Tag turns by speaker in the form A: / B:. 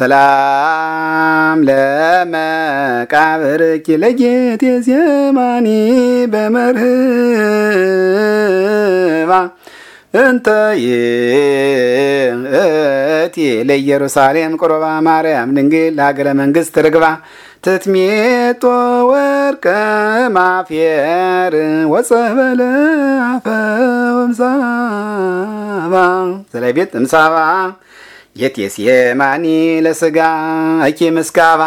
A: ሰላም ለመቃብርኪ ለጌቴ ዜማኒ በመርህባ እንተ ይእቲ ለኢየሩሳሌም ቁርባ ማርያም ድንግል ለሀገረ መንግስት ርግባ ትትሜጦ ወርቀ ማፍየር ወጸበለ አፈ ወምሳባ
B: ዘላይ ቤት እምሳባ የቴስ የማኒ
C: ለስጋ እኪ ምስካባ